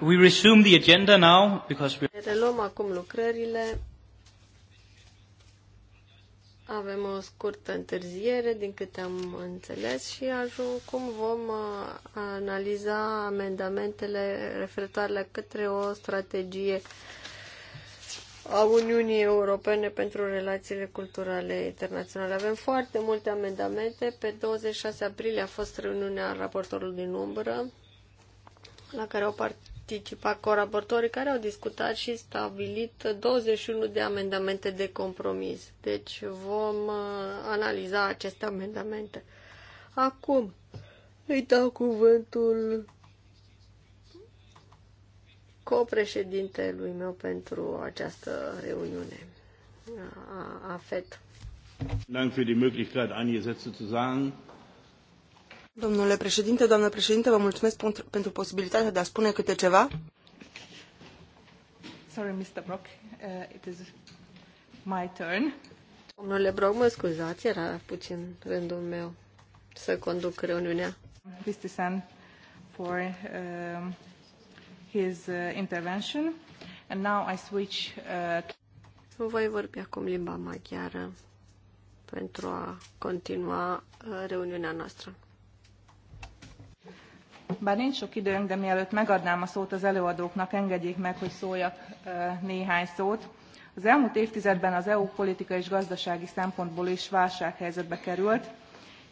we resume the agenda now because we... Reluăm acum lucrările. Avem o scurtă întârziere, din câte am înțeles, și ajung cum vom uh, analiza amendamentele referitoare la către o strategie a Uniunii Europene pentru relațiile culturale internaționale. Avem foarte multe amendamente. Pe 26 aprilie a fost reuniunea raportorului din umbră la care au participat coraportorii care au discutat și stabilit 21 de amendamente de compromis. Deci vom uh, analiza aceste amendamente. Acum îi dau cuvântul copreședintelui meu pentru această reuniune a, a FED. Dank für die Möglichkeit, einige Sätze zu sagen. Domnule președinte, doamnă președinte, vă mulțumesc pentru posibilitatea de a spune câte ceva. Sorry, Mr. Brock, uh, it is my turn. Domnule Brock, mă scuzați, era puțin rândul meu să conduc reuniunea. Mr. Vistisen for uh, his uh, intervention. And now I switch uh... Voi vorbi acum limba maghiară pentru a continua uh, reuniunea noastră. Bár nincs sok időnk, de mielőtt megadnám a szót az előadóknak, engedjék meg, hogy szóljak néhány szót. Az elmúlt évtizedben az EU politikai és gazdasági szempontból is válsághelyzetbe került,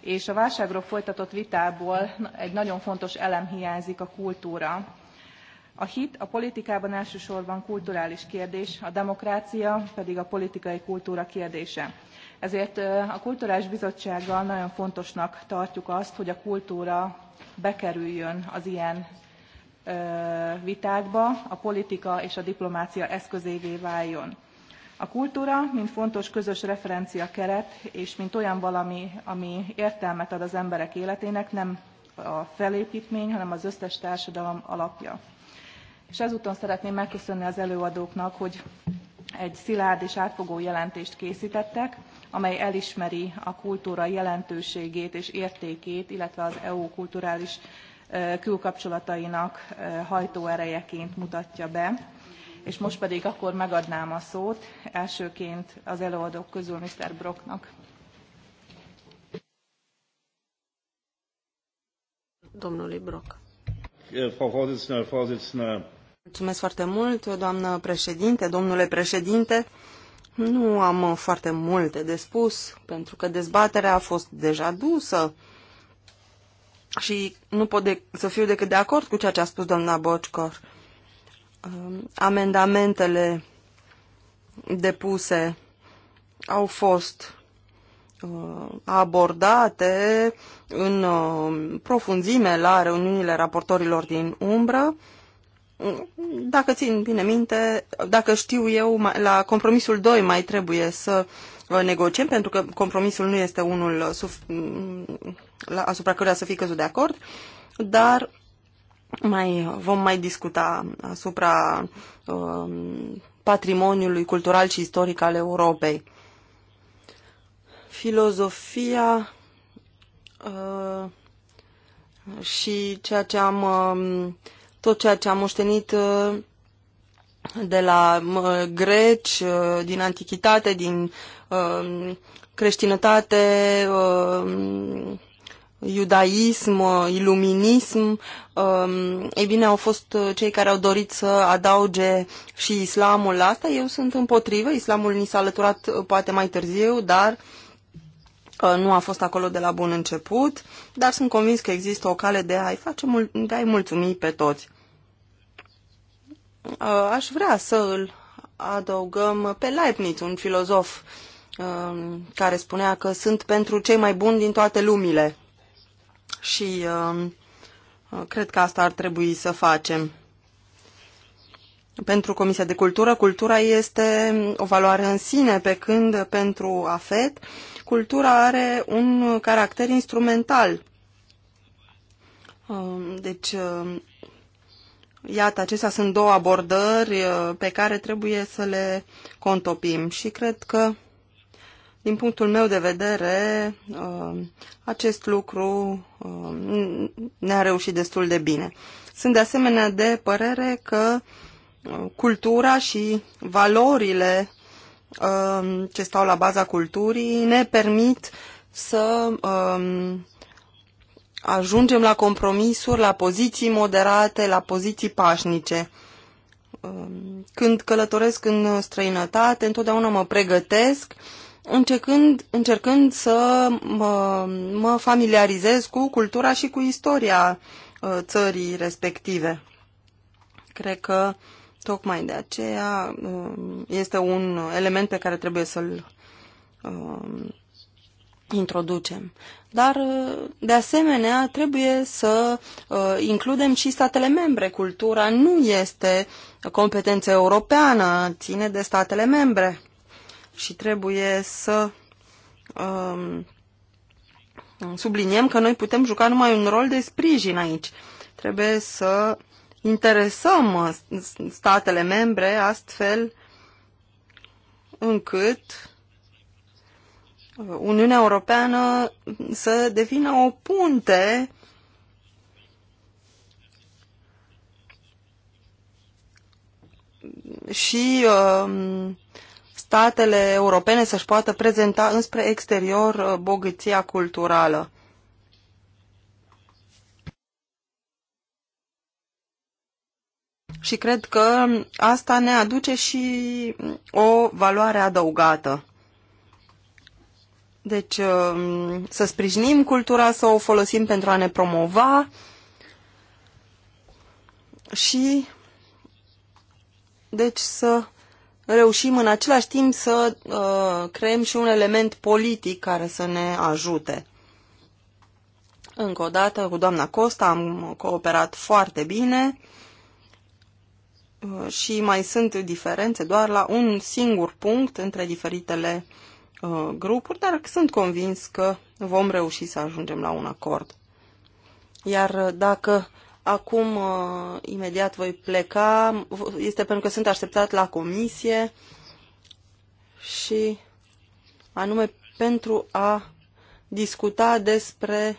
és a válságról folytatott vitából egy nagyon fontos elem hiányzik, a kultúra. A hit a politikában elsősorban kulturális kérdés, a demokrácia pedig a politikai kultúra kérdése. Ezért a Kulturális Bizottsággal nagyon fontosnak tartjuk azt, hogy a kultúra bekerüljön az ilyen vitákba, a politika és a diplomácia eszközévé váljon. A kultúra, mint fontos közös referencia keret, és mint olyan valami, ami értelmet ad az emberek életének, nem a felépítmény, hanem az összes társadalom alapja. És ezúton szeretném megköszönni az előadóknak, hogy egy szilárd és átfogó jelentést készítettek, amely elismeri a kultúra jelentőségét és értékét, illetve az EU kulturális külkapcsolatainak hajtóerejeként mutatja be. És most pedig akkor megadnám a szót elsőként az előadók közül Mr. Brocknak. Domnului Brock. Frau Vorsitzende, Frau Vorsitzende, Mulțumesc foarte mult, doamnă președinte, domnule președinte. Nu am foarte multe de spus, pentru că dezbaterea a fost deja dusă și nu pot de- să fiu decât de acord cu ceea ce a spus doamna Bocicor. Amendamentele depuse au fost uh, abordate în uh, profunzime la reuniunile raportorilor din umbră dacă țin bine minte, dacă știu eu, la compromisul 2 mai trebuie să uh, negociem, pentru că compromisul nu este unul asupra căruia să fi căzut de acord, dar mai, vom mai discuta asupra um, patrimoniului cultural și istoric al Europei. Filozofia uh, și ceea ce am uh, tot ceea ce am moștenit uh, de la greci, uh, din antichitate, din uh, creștinătate, iudaism, iluminism, ei bine, au fost cei care au dorit să adauge și islamul la asta. Eu sunt împotrivă, islamul ni s-a alăturat poate mai târziu, dar nu a fost acolo de la bun început, dar sunt convins că există o cale de a-i face, de a-i mulțumi pe toți. Uh, aș vrea să îl adăugăm pe Leibniz, un filozof um, care spunea că sunt pentru cei mai buni din toate lumile. Și um, uh, cred că asta ar trebui să facem. Pentru Comisia de Cultură, cultura este o valoare în sine, pe când pentru AFET, cultura are un caracter instrumental. Um, deci Iată, acestea sunt două abordări uh, pe care trebuie să le contopim și cred că, din punctul meu de vedere, uh, acest lucru uh, ne-a reușit destul de bine. Sunt de asemenea de părere că cultura și valorile ce stau la baza culturii ne permit să um, ajungem la compromisuri, la poziții moderate, la poziții pașnice. Um, când călătoresc în străinătate, întotdeauna mă pregătesc, încercând, încercând să mă, mă familiarizez cu cultura și cu istoria uh, țării respective. Cred că tocmai de aceea um, este un element pe care trebuie să-l um, introducem. Dar, uh, de asemenea, trebuie să uh, includem și statele membre. Cultura nu este competență europeană, ține de statele membre. Și trebuie să um, subliniem că noi putem juca numai un rol de sprijin aici. Trebuie să interesăm uh, statele membre astfel încât Uniunea Europeană să devină o punte și um, statele europene să-și poată prezenta înspre exterior uh, bogăția culturală. Și cred că asta ne aduce și o valoare adăugată. Deci um, să sprijinim cultura, să o folosim pentru a ne promova și deci să reușim în același timp să uh, creăm și un element politic care să ne ajute. Încă o dată, cu doamna Costa am cooperat foarte bine uh, și mai sunt diferențe doar la un singur punct între diferitele Uh, grupuri, dar sunt convins că vom reuși să ajungem la un acord. Iar dacă acum uh, imediat voi pleca, este pentru că sunt așteptat la comisie și anume pentru a discuta despre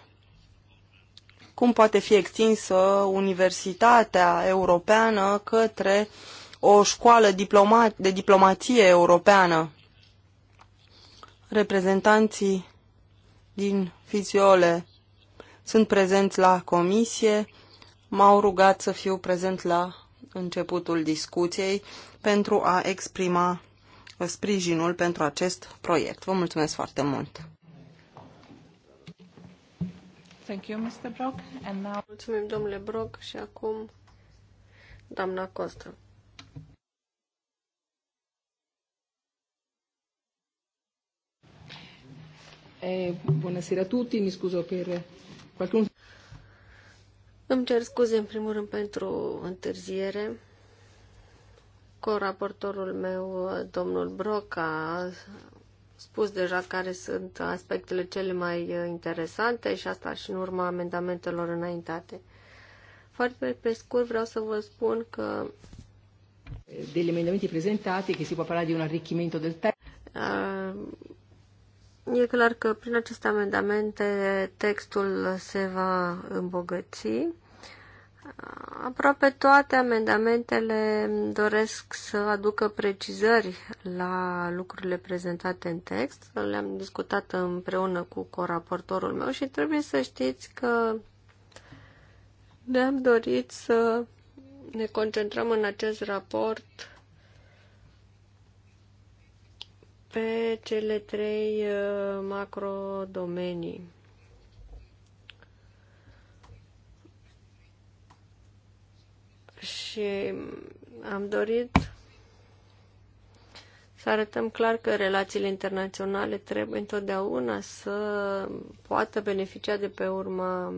cum poate fi extinsă Universitatea Europeană către o școală de diplomație europeană reprezentanții din Fiziole sunt prezenți la comisie. M-au rugat să fiu prezent la începutul discuției pentru a exprima sprijinul pentru acest proiect. Vă mulțumesc foarte mult! Thank you, Mr. Brock. And now... Mulțumim, domnule Brock, și acum doamna Costă. Eh, buonasera a tutti, mi scuso per Îmi cer scuze în primul rând pentru întârziere. Coraportorul meu, domnul Broc, a spus deja care sunt aspectele cele mai interesante și asta și în urma amendamentelor înaintate. Foarte pe scurt vreau să vă spun că degli emendamenti presentati che si può parlare di un arricchimento del testo E clar că prin aceste amendamente textul se va îmbogăți. Aproape toate amendamentele doresc să aducă precizări la lucrurile prezentate în text. Le-am discutat împreună cu coraportorul meu și trebuie să știți că ne-am dorit să ne concentrăm în acest raport pe cele trei uh, macrodomenii. Și am dorit să arătăm clar că relațiile internaționale trebuie întotdeauna să poată beneficia de pe urma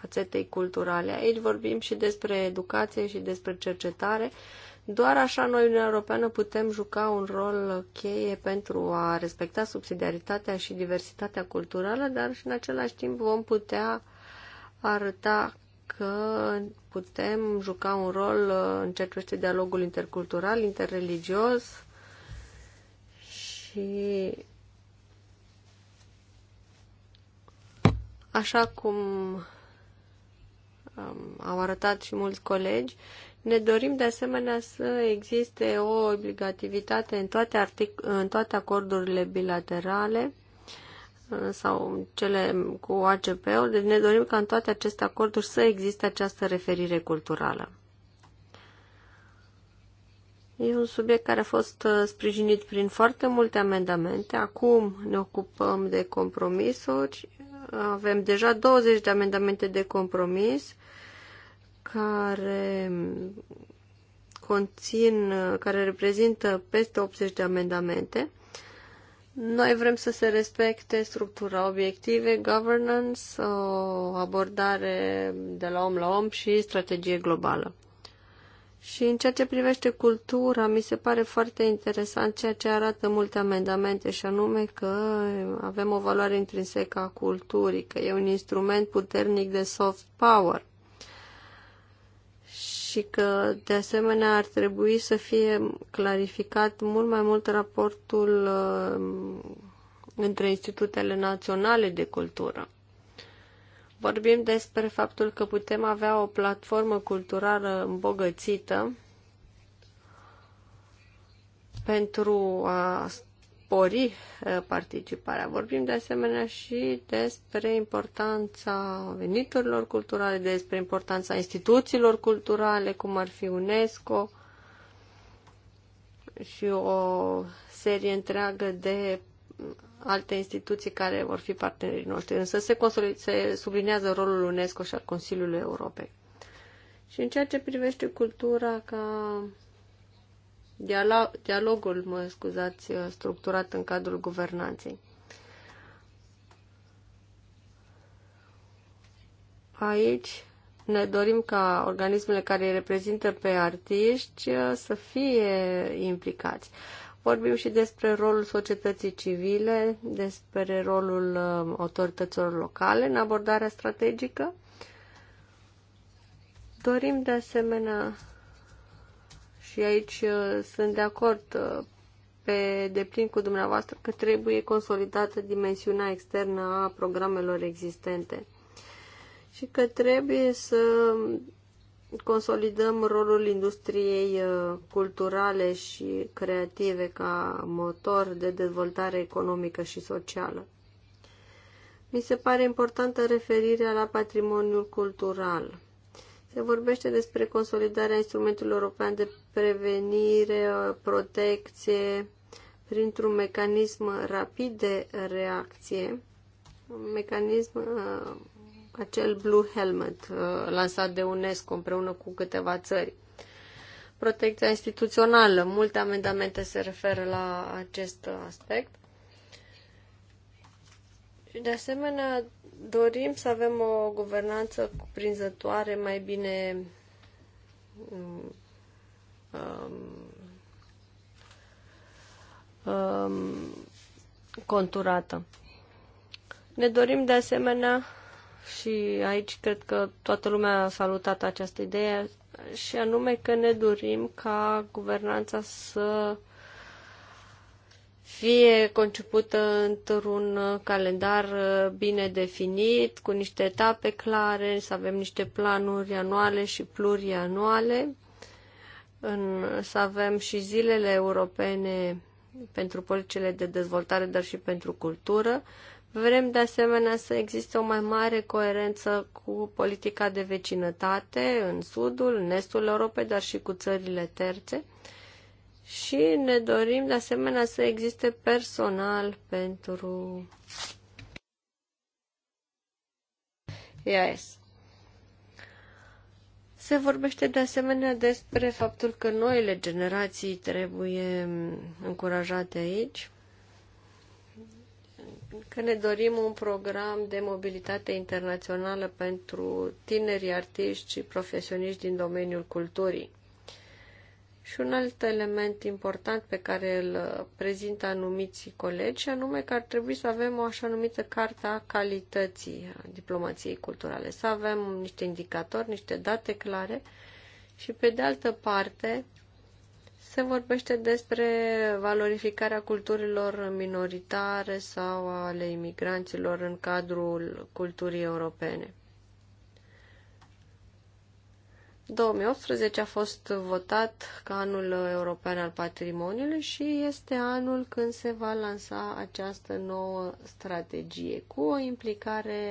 fațetei culturale. Aici vorbim și despre educație și despre cercetare, doar așa noi, Uniunea Europeană, putem juca un rol cheie pentru a respecta subsidiaritatea și diversitatea culturală, dar și în același timp vom putea arăta că putem juca un rol uh, în ceea ce privește dialogul intercultural, interreligios și așa cum um, au arătat și mulți colegi, ne dorim de asemenea să existe o obligativitate în toate, artic- în toate acordurile bilaterale uh, sau cele cu ACP-ul, deci ne dorim ca în toate aceste acorduri să existe această referire culturală. E un subiect care a fost uh, sprijinit prin foarte multe amendamente. Acum ne ocupăm de compromisuri. Avem deja 20 de amendamente de compromis care conțin, care reprezintă peste 80 de amendamente. Noi vrem să se respecte structura obiective, governance, o abordare de la om la om și strategie globală. Și în ceea ce privește cultura, mi se pare foarte interesant ceea ce arată multe amendamente, și anume că avem o valoare intrinsecă a culturii, că e un instrument puternic de soft power și că, de asemenea, ar trebui să fie clarificat mult mai mult raportul uh, între institutele naționale de cultură. Vorbim despre faptul că putem avea o platformă culturală îmbogățită pentru a spori uh, participarea. Vorbim de asemenea și despre importanța veniturilor culturale, despre importanța instituțiilor culturale, cum ar fi UNESCO și o serie întreagă de alte instituții care vor fi partenerii noștri. Însă se, se sublinează rolul UNESCO și al Consiliului Europei. Și în ceea ce privește cultura ca dialogul, mă scuzați, structurat în cadrul guvernanței. Aici ne dorim ca organismele care îi reprezintă pe artiști uh, să fie implicați. Vorbim și despre rolul societății civile, despre rolul uh, autorităților locale în abordarea strategică. Dorim de asemenea și aici uh, sunt de acord uh, pe deplin cu dumneavoastră că trebuie consolidată dimensiunea externă a programelor existente și că trebuie să consolidăm rolul industriei uh, culturale și creative ca motor de dezvoltare economică și socială. Mi se pare importantă referirea la patrimoniul cultural se vorbește despre consolidarea instrumentului european de prevenire, protecție, printr-un mecanism rapid de reacție, un mecanism, uh, acel Blue Helmet, uh, lansat de UNESCO împreună cu câteva țări. Protecția instituțională, multe amendamente se referă la acest aspect. Și de asemenea dorim să avem o guvernanță cuprinzătoare mai bine um, um, conturată. Ne dorim de asemenea și aici cred că toată lumea a salutat această idee și anume că ne dorim ca guvernanța să fie concepută într-un calendar uh, bine definit, cu niște etape clare, să avem niște planuri anuale și plurianuale, în, să avem și zilele europene pentru politicile de dezvoltare, dar și pentru cultură. Vrem de asemenea să existe o mai mare coerență cu politica de vecinătate în sudul, în estul Europei, dar și cu țările terțe. Și ne dorim de asemenea să existe personal pentru ias. Se vorbește de asemenea despre faptul că noile generații trebuie încurajate aici, că ne dorim un program de mobilitate internațională pentru tinerii artiști și profesioniști din domeniul culturii. Și un alt element important pe care îl uh, prezintă anumiți colegi, anume că ar trebui să avem o așa numită carta calității a diplomației culturale, să avem niște indicatori, niște date clare și, pe de altă parte, se vorbește despre valorificarea culturilor minoritare sau ale imigranților în cadrul culturii europene. 2018 a fost votat ca anul european al patrimoniului și este anul când se va lansa această nouă strategie cu o implicare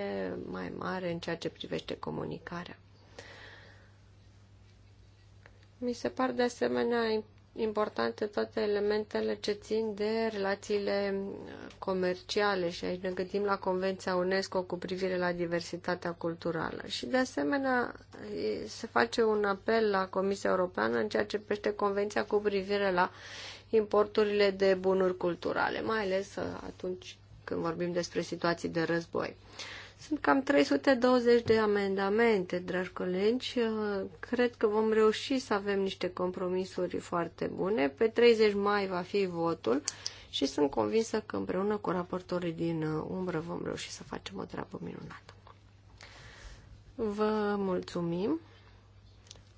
mai mare în ceea ce privește comunicarea. Mi se par de asemenea importante toate elementele ce țin de relațiile comerciale și aici ne gândim la Convenția UNESCO cu privire la diversitatea culturală. Și de asemenea se face un apel la Comisia Europeană în ceea ce privește Convenția cu privire la importurile de bunuri culturale, mai ales uh, atunci când vorbim despre situații de război. Uh, sunt cam 320 de amendamente, dragi colegi. Uh, cred că vom reuși să avem niște compromisuri foarte bune. Pe 30 mai va fi votul și sunt convinsă că împreună cu raportorii din uh, umbră vom reuși să facem o treabă minunată. Vă mulțumim.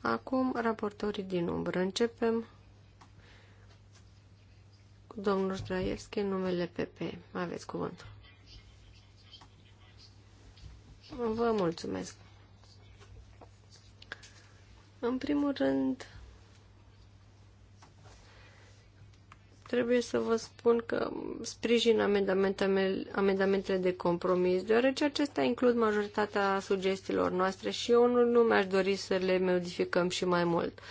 Acum, raportorii din umbră. Începem cu domnul Zdraievski numele PP. Aveți cuvântul. Vă mulțumesc. În primul rând, trebuie să vă spun că sprijin amendamentele de compromis, deoarece acestea includ majoritatea sugestiilor noastre și eu nu, nu mi-aș dori să le modificăm și mai mult. Uh,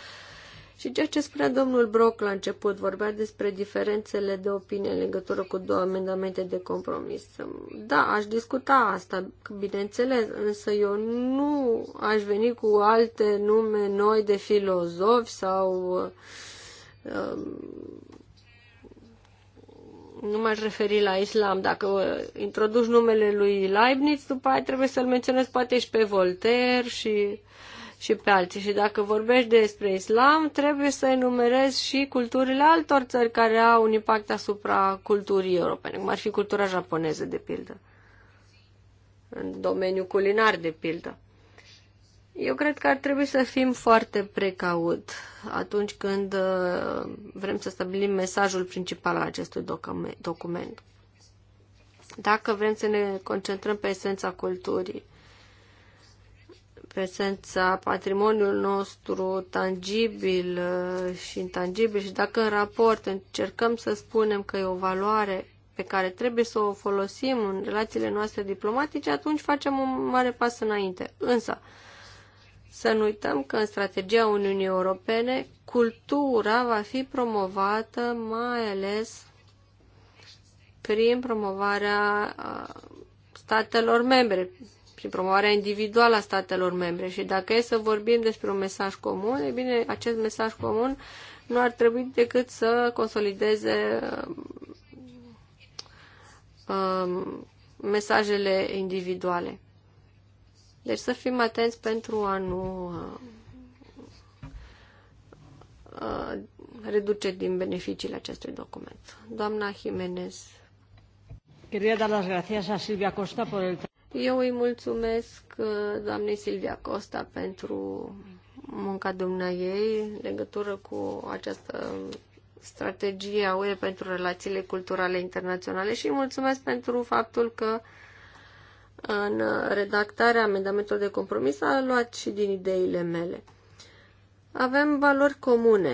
și ceea ce spunea domnul Brock la început, vorbea despre diferențele de opinie în legătură cu două amendamente de compromis. Da, aș discuta asta, bineînțeles, însă eu nu aș veni cu alte nume noi de filozofi sau Um, nu m-aș referi la islam. Dacă uh, introduci numele lui Leibniz, după aia trebuie să-l menționez poate și pe Voltaire și uh, și pe alții. Și dacă vorbești despre islam, trebuie să enumerezi și culturile altor țări care au un impact asupra culturii europene, cum ar fi cultura japoneză, de pildă, în domeniul culinar, de pildă. Eu cred că ar trebui să fim foarte precaut atunci când uh, vrem să stabilim mesajul principal al acestui document. Dacă vrem să ne concentrăm pe esența culturii, prezența patrimoniul nostru tangibil uh, și intangibil și dacă în raport încercăm să spunem că e o valoare pe care trebuie să o folosim în relațiile noastre diplomatice, atunci facem un mare pas înainte. Însă, să nu uităm că în strategia Uniunii Europene, cultura va fi promovată mai ales prin promovarea uh, statelor membre, prin promovarea individuală a statelor membre. Și dacă e să vorbim despre un mesaj comun, e bine, acest mesaj comun nu ar trebui decât să consolideze um, mesajele individuale. Deci să fim atenți pentru a nu uh, uh, reduce din beneficiile acestui document. Doamna Jimenez. Quería dar las gracias a Silvia Costa por el eu îi mulțumesc uh, doamnei Silvia Costa pentru munca ei legătură cu această strategie a UE pentru relațiile culturale internaționale și îi mulțumesc pentru faptul că în redactarea amendamentelor de compromis a luat și din ideile mele. Avem valori comune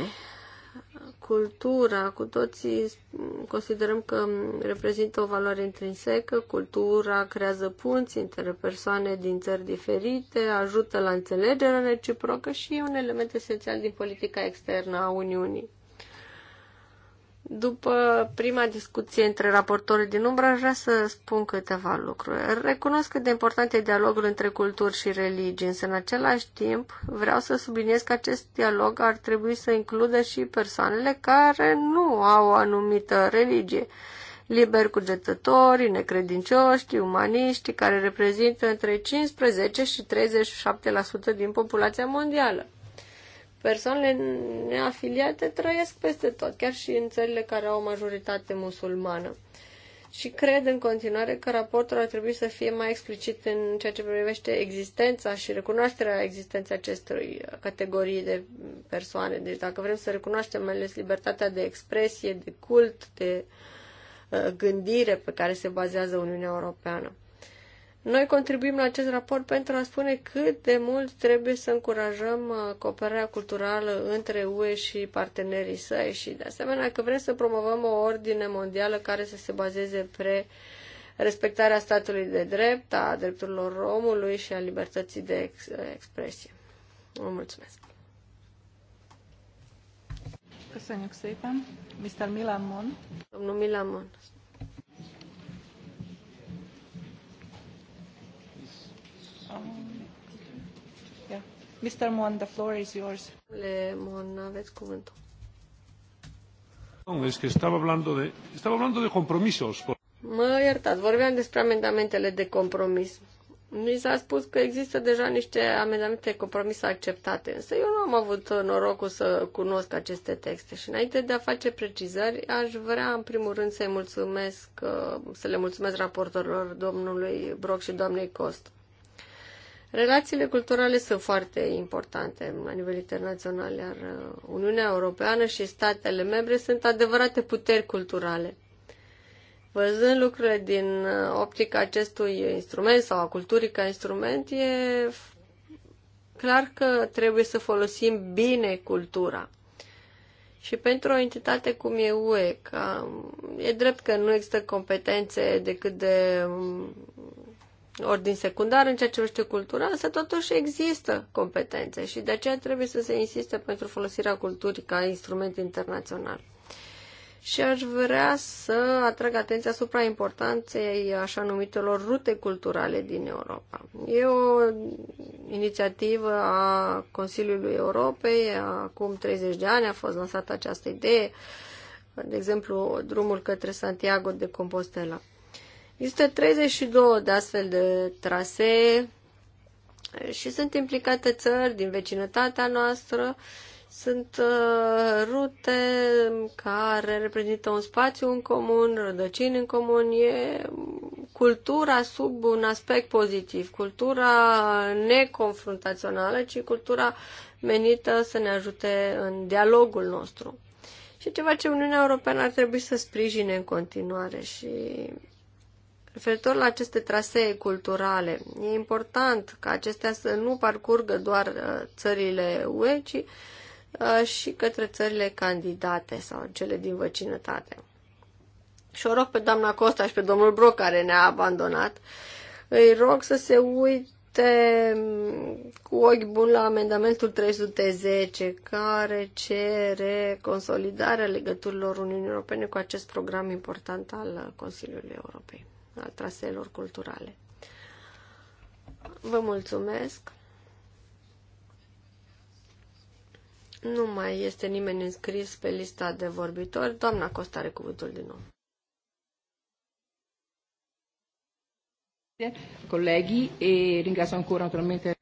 cultura, cu toții considerăm că reprezintă o valoare intrinsecă, cultura creează punți între persoane din țări diferite, ajută la înțelegerea reciprocă și e un element esențial din politica externă a Uniunii. După prima discuție între raportorii din umbră, aș vrea să spun câteva lucruri. Recunosc cât de important e dialogul între culturi și religii, însă în același timp vreau să subliniez că acest dialog ar trebui să includă și persoanele care nu au o anumită religie. Liberi cugetători, necredincioși, umaniști, care reprezintă între 15 și 37% din populația mondială persoanele neafiliate trăiesc peste tot, chiar și în țările care au o majoritate musulmană. Și cred în continuare că raportul ar trebui să fie mai explicit în ceea ce privește existența și recunoașterea existenței acestei categorii de persoane. Deci dacă vrem să recunoaștem mai ales libertatea de expresie, de cult, de uh, gândire pe care se bazează Uniunea Europeană. Noi contribuim la acest raport pentru a spune cât de mult trebuie să încurajăm uh, cooperarea culturală între UE și partenerii săi și, de asemenea, că vrem să promovăm o ordine mondială care să se bazeze pe respectarea statului de drept, a drepturilor omului și a libertății de ex- expresie. Vă mulțumesc! Mr. Milamon. Domnul Milamon. Mr. Um, Mon, the floor is yours. Le Mon, aveți cuvântul. Es que estaba hablando de, estaba hablando de compromisos. Mă iertați, vorbeam despre amendamentele de compromis. Mi s-a spus că există deja niște amendamente de compromis acceptate, însă eu nu am avut norocul să cunosc aceste texte și înainte de a face precizări, aș vrea în primul rând să-i mulțumesc, să le mulțumesc raportorilor domnului Broc și doamnei Cost. Relațiile culturale sunt foarte importante la nivel internațional, iar uh, Uniunea Europeană și statele membre sunt adevărate puteri culturale. Văzând lucrurile din uh, optica acestui instrument sau a culturii ca instrument, e clar că trebuie să folosim bine cultura. Și pentru o entitate cum e UE, ca, e drept că nu există competențe decât de um, ordin secundar în ceea ce privește cultura, însă totuși există competențe și de aceea trebuie să se insiste pentru folosirea culturii ca instrument internațional. Și aș vrea să atrag atenția asupra importanței așa numitelor rute culturale din Europa. E o inițiativă a Consiliului Europei, acum 30 de ani a fost lansată această idee, de exemplu, drumul către Santiago de Compostela. Există 32 de astfel de trasee și sunt implicate țări din vecinătatea noastră. Sunt uh, rute care reprezintă un spațiu în comun, rădăcini în comun. E cultura sub un aspect pozitiv, cultura neconfruntațională, ci cultura menită să ne ajute în dialogul nostru. Și ceva ce Uniunea Europeană ar trebui să sprijine în continuare și Referitor la aceste trasee culturale, e important ca acestea să nu parcurgă doar uh, țările UE, ci uh, și către țările candidate sau cele din vecinătate. Și o rog pe doamna Costa și pe domnul Broc, care ne-a abandonat, îi rog să se uite mm, cu ochi buni la amendamentul 310, care cere consolidarea legăturilor Uniunii Europene cu acest program important al Consiliului Europei al traseelor culturale. Vă mulțumesc! Nu mai este nimeni înscris pe lista de vorbitori. Doamna Costa are cuvântul din nou. Colegii, e ringrazio ancora naturalmente.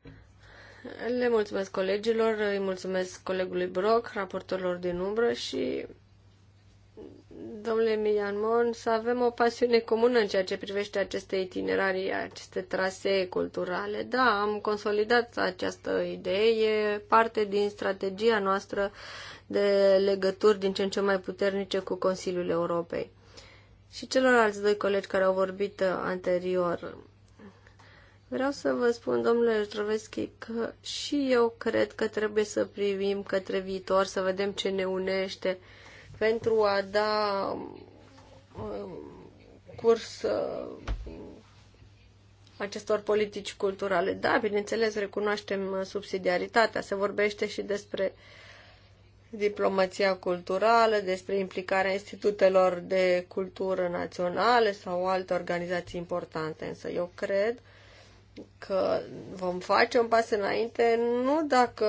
Le mulțumesc colegilor, îi mulțumesc colegului Brock, raportorilor din umbră și domnule Emilian Mon, să avem o pasiune comună în ceea ce privește aceste itinerarii, aceste trasee culturale. Da, am consolidat această idee, e parte din strategia noastră de legături din ce în ce mai puternice cu Consiliul Europei. Și celorlalți doi colegi care au vorbit uh, anterior, Vreau să vă spun, domnule Jotroveschi, că și eu cred că trebuie să privim către viitor, să vedem ce ne unește pentru a da um, curs uh, acestor politici culturale. Da, bineînțeles, recunoaștem uh, subsidiaritatea. Se vorbește și despre diplomația culturală, despre implicarea institutelor de cultură naționale sau alte organizații importante. Însă eu cred că vom face un pas înainte nu dacă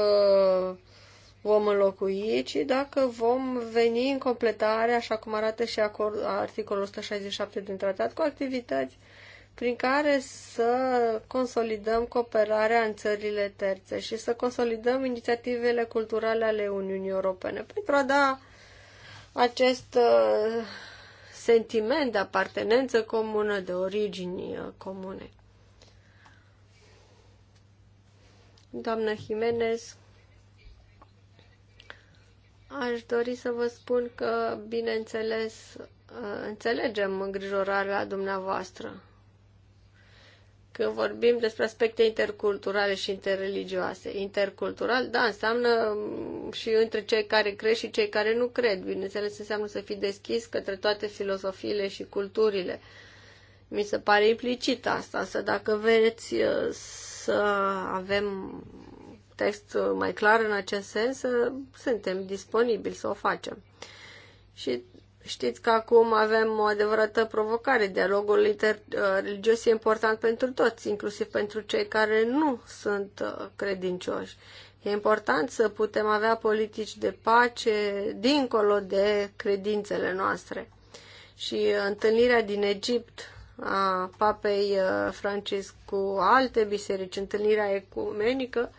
vom înlocui, ci dacă vom veni în completare, așa cum arată și acord, articolul 167 din tratat, cu activități prin care să consolidăm cooperarea în țările terțe și să consolidăm inițiativele culturale ale Uniunii Europene pentru a da acest uh, sentiment de apartenență comună, de origini uh, comune. Doamna Jimenez, Aș dori să vă spun că, bineînțeles, ă, înțelegem îngrijorarea dumneavoastră când vorbim despre aspecte interculturale și interreligioase. Intercultural, da, înseamnă mm, și între cei care cred și cei care nu cred. Bineînțeles, înseamnă să fii deschis către toate filosofiile și culturile. Mi se pare implicit asta, să dacă vreți ă, să avem text mai clar în acest sens, uh, suntem disponibili să o facem. Și știți că acum avem o adevărată provocare. Dialogul interreligios e important pentru toți, inclusiv pentru cei care nu sunt uh, credincioși. E important să putem avea politici de pace dincolo de credințele noastre. Și întâlnirea din Egipt a papei uh, Francis cu alte biserici, întâlnirea ecumenică,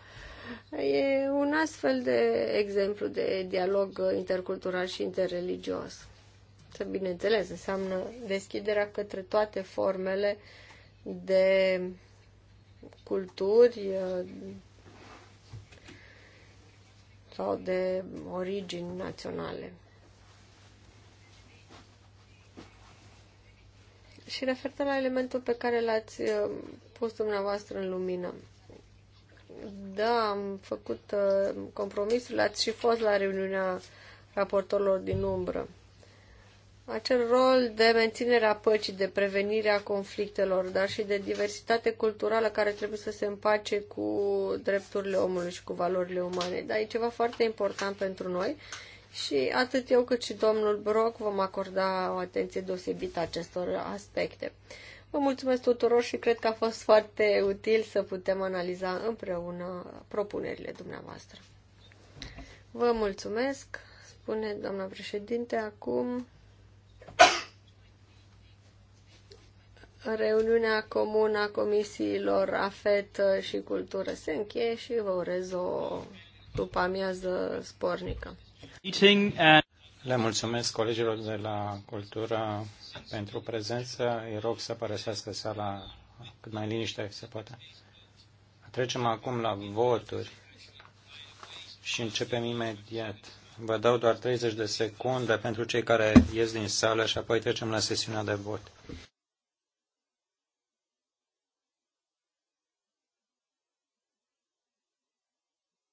E un astfel de exemplu de dialog intercultural și interreligios. Să bineînțeles, înseamnă deschiderea către toate formele de culturi uh, sau de origini naționale. Și referitor la elementul pe care l-ați uh, pus dumneavoastră în lumină, da, am făcut uh, compromisul, ați și fost la reuniunea raportorilor din umbră. Acel rol de menținere a păcii, de prevenire a conflictelor, dar și de diversitate culturală care trebuie să se împace cu drepturile omului și cu valorile umane. Dar e ceva foarte important pentru noi și atât eu cât și domnul Brock vom acorda o atenție deosebită acestor aspecte. Vă mulțumesc tuturor și cred că a fost foarte util să putem analiza împreună propunerile dumneavoastră. Vă mulțumesc, spune doamna președinte, acum reuniunea comună a comisiilor AFET și Cultură se încheie și vă urez o după amiază spornică. Eating and uh, le mulțumesc colegilor de la Cultura pentru prezență. Îi rog să părăsească sala cât mai liniște se poate. Trecem acum la voturi și începem imediat. Vă dau doar 30 de secunde pentru cei care ies din sală și apoi trecem la sesiunea de vot.